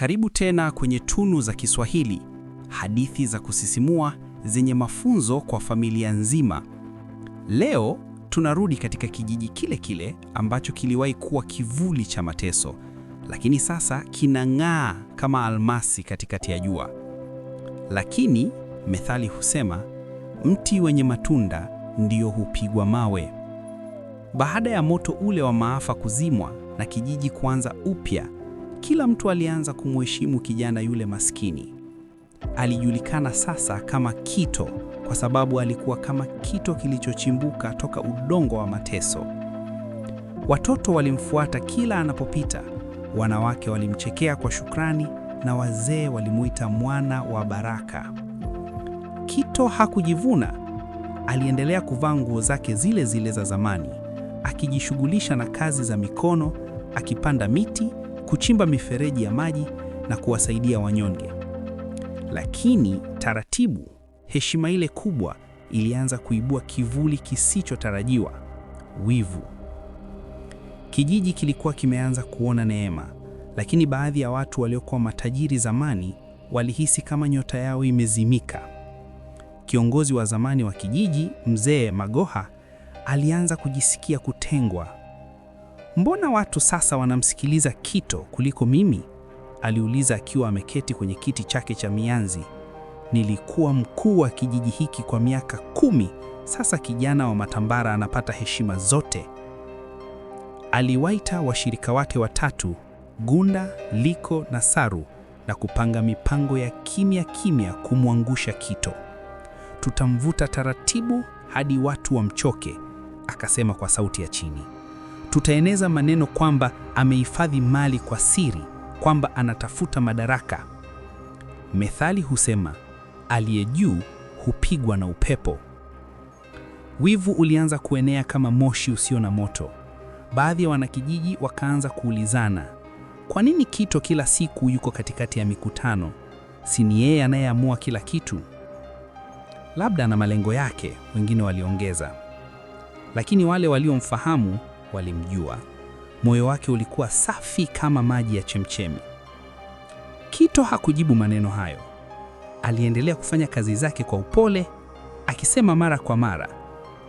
Karibu tena kwenye Tunu za Kiswahili, hadithi za kusisimua zenye mafunzo kwa familia nzima. Leo tunarudi katika kijiji kile kile ambacho kiliwahi kuwa kivuli cha mateso, lakini sasa kinang'aa kama almasi katikati ya jua. Lakini methali husema, mti wenye matunda ndio hupigwa mawe. Baada ya moto ule wa maafa kuzimwa na kijiji kuanza upya kila mtu alianza kumheshimu kijana yule maskini. Alijulikana sasa kama Kito kwa sababu alikuwa kama kito kilichochimbuka toka udongo wa mateso. Watoto walimfuata kila anapopita, wanawake walimchekea kwa shukrani na wazee walimuita mwana wa baraka. Kito hakujivuna, aliendelea kuvaa nguo zake zile zile za zamani, akijishughulisha na kazi za mikono, akipanda miti kuchimba mifereji ya maji na kuwasaidia wanyonge. Lakini taratibu, heshima ile kubwa ilianza kuibua kivuli kisichotarajiwa: wivu. Kijiji kilikuwa kimeanza kuona neema, lakini baadhi ya watu waliokuwa matajiri zamani walihisi kama nyota yao imezimika. Kiongozi wa zamani wa kijiji, Mzee Magoha, alianza kujisikia kutengwa Mbona watu sasa wanamsikiliza Kito kuliko mimi? aliuliza akiwa ameketi kwenye kiti chake cha mianzi. Nilikuwa mkuu wa kijiji hiki kwa miaka kumi. Sasa kijana wa Matambara anapata heshima zote. Aliwaita washirika wake watatu, Gunda, Liko na Saru na kupanga mipango ya kimya kimya kumwangusha Kito. Tutamvuta taratibu hadi watu wamchoke, akasema kwa sauti ya chini tutaeneza maneno kwamba amehifadhi mali kwa siri, kwamba anatafuta madaraka. Methali husema aliye juu hupigwa na upepo. Wivu ulianza kuenea kama moshi usio na moto. Baadhi ya wanakijiji wakaanza kuulizana, kwa nini Kito kila siku yuko katikati ya mikutano? Si ni yeye anayeamua kila kitu? Labda ana malengo yake, wengine waliongeza. Lakini wale waliomfahamu walimjua. Moyo wake ulikuwa safi kama maji ya chemchemi. Kito hakujibu maneno hayo. Aliendelea kufanya kazi zake kwa upole, akisema mara kwa mara,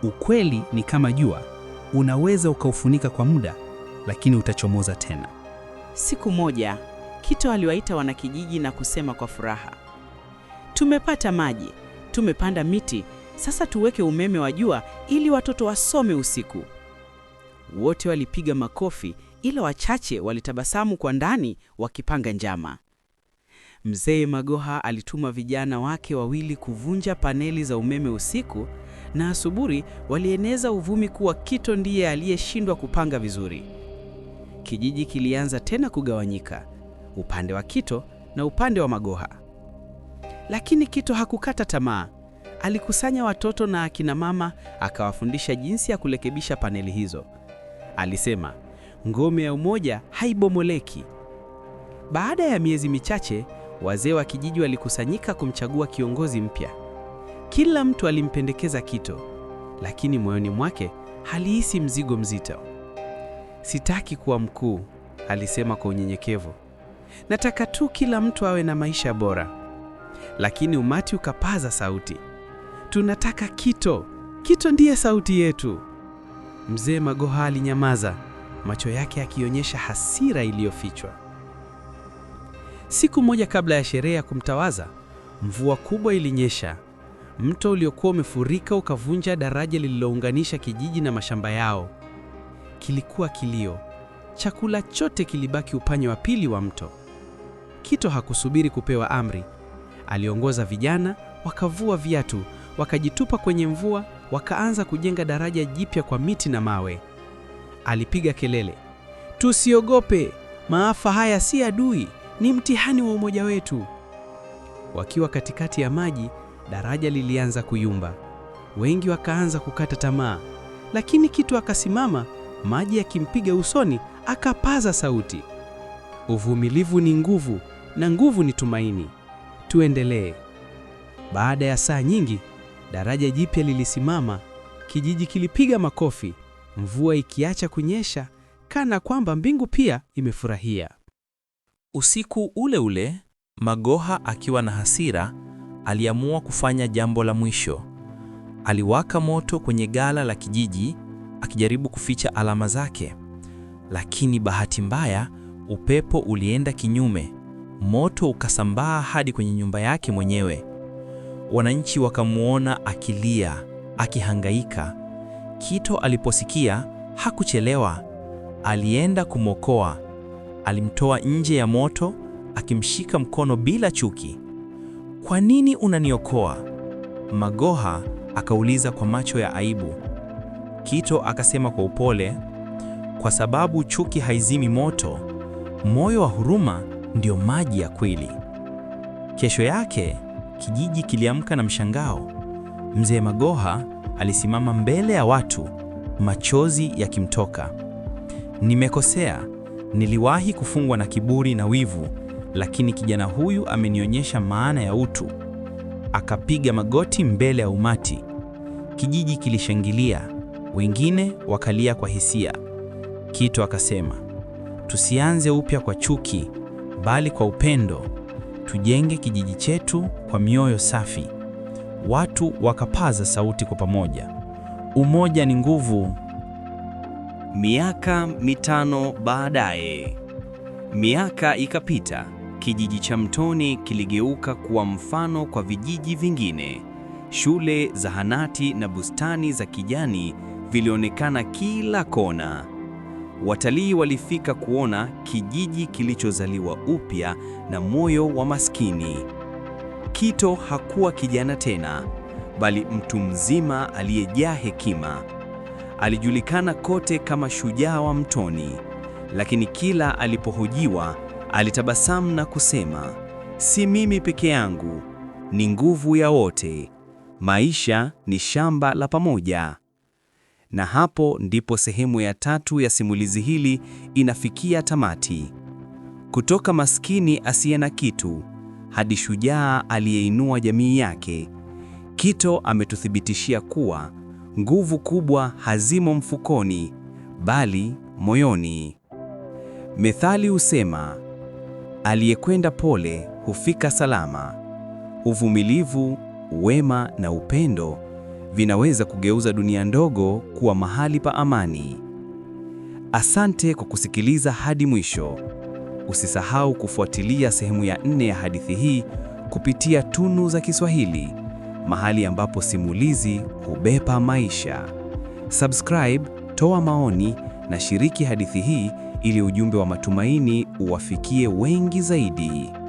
ukweli ni kama jua, unaweza ukaufunika kwa muda, lakini utachomoza tena. Siku moja Kito aliwaita wanakijiji na kusema kwa furaha, tumepata maji, tumepanda miti, sasa tuweke umeme wa jua ili watoto wasome usiku. Wote walipiga makofi, ila wachache walitabasamu kwa ndani, wakipanga njama. Mzee Magoha alituma vijana wake wawili kuvunja paneli za umeme usiku, na asubuhi walieneza uvumi kuwa Kito ndiye aliyeshindwa kupanga vizuri. Kijiji kilianza tena kugawanyika, upande wa Kito na upande wa Magoha. Lakini Kito hakukata tamaa. Alikusanya watoto na akina mama, akawafundisha jinsi ya kurekebisha paneli hizo. Alisema, ngome ya umoja haibomoleki. Baada ya miezi michache, wazee wa kijiji walikusanyika kumchagua kiongozi mpya. Kila mtu alimpendekeza Kito, lakini moyoni mwake halihisi mzigo mzito. Sitaki kuwa mkuu, alisema kwa unyenyekevu. Nataka tu kila mtu awe na maisha bora. Lakini umati ukapaza sauti, tunataka Kito. Kito ndiye sauti yetu. Mzee Magoha alinyamaza, macho yake akionyesha hasira iliyofichwa. Siku moja kabla ya sherehe ya kumtawaza, mvua kubwa ilinyesha. Mto uliokuwa umefurika ukavunja daraja lililounganisha kijiji na mashamba yao. Kilikuwa kilio. Chakula chote kilibaki upande wa pili wa mto. Kito hakusubiri kupewa amri. Aliongoza vijana, wakavua viatu, wakajitupa kwenye mvua wakaanza kujenga daraja jipya kwa miti na mawe. Alipiga kelele, tusiogope, maafa haya si adui, ni mtihani wa umoja wetu. Wakiwa katikati ya maji, daraja lilianza kuyumba, wengi wakaanza kukata tamaa, lakini Kitu akasimama, maji yakimpiga usoni, akapaza sauti, uvumilivu ni nguvu na nguvu ni tumaini. Tuendelee. Baada ya saa nyingi Daraja jipya lilisimama, kijiji kilipiga makofi, mvua ikiacha kunyesha kana kwamba mbingu pia imefurahia. Usiku ule ule, Magoha akiwa na hasira, aliamua kufanya jambo la mwisho. Aliwaka moto kwenye gala la kijiji akijaribu kuficha alama zake. Lakini bahati mbaya, upepo ulienda kinyume. Moto ukasambaa hadi kwenye nyumba yake mwenyewe wananchi wakamwona akilia, akihangaika. Kito aliposikia hakuchelewa, alienda kumwokoa. Alimtoa nje ya moto akimshika mkono bila chuki. Kwa nini unaniokoa? Magoha akauliza kwa macho ya aibu. Kito akasema kwa upole, kwa sababu chuki haizimi moto, moyo wa huruma ndio maji ya kweli. Kesho yake Kijiji kiliamka na mshangao. Mzee Magoha alisimama mbele ya watu, machozi yakimtoka. Nimekosea, niliwahi kufungwa na kiburi na wivu, lakini kijana huyu amenionyesha maana ya utu. Akapiga magoti mbele ya umati. Kijiji kilishangilia, wengine wakalia kwa hisia. Kito akasema, tusianze upya kwa chuki, bali kwa upendo tujenge kijiji chetu kwa mioyo safi. Watu wakapaza sauti kwa pamoja, umoja ni nguvu. Miaka mitano baadaye, miaka ikapita, kijiji cha Mtoni kiligeuka kuwa mfano kwa vijiji vingine. Shule, zahanati na bustani za kijani vilionekana kila kona. Watalii walifika kuona kijiji kilichozaliwa upya na moyo wa maskini. Kito hakuwa kijana tena, bali mtu mzima aliyejaa hekima. Alijulikana kote kama shujaa wa mtoni, lakini kila alipohojiwa alitabasamu na kusema, si mimi peke yangu, ni nguvu ya wote. Maisha ni shamba la pamoja. Na hapo ndipo sehemu ya tatu ya simulizi hili inafikia tamati. Kutoka maskini asiye na kitu hadi shujaa aliyeinua jamii yake, Kito ametuthibitishia kuwa nguvu kubwa hazimo mfukoni, bali moyoni. Methali husema, aliyekwenda pole hufika salama. Uvumilivu, wema na upendo vinaweza kugeuza dunia ndogo kuwa mahali pa amani. Asante kwa kusikiliza hadi mwisho. Usisahau kufuatilia sehemu ya nne ya hadithi hii kupitia Tunu za Kiswahili, mahali ambapo simulizi hubeba maisha. Subscribe, toa maoni na shiriki hadithi hii ili ujumbe wa matumaini uwafikie wengi zaidi.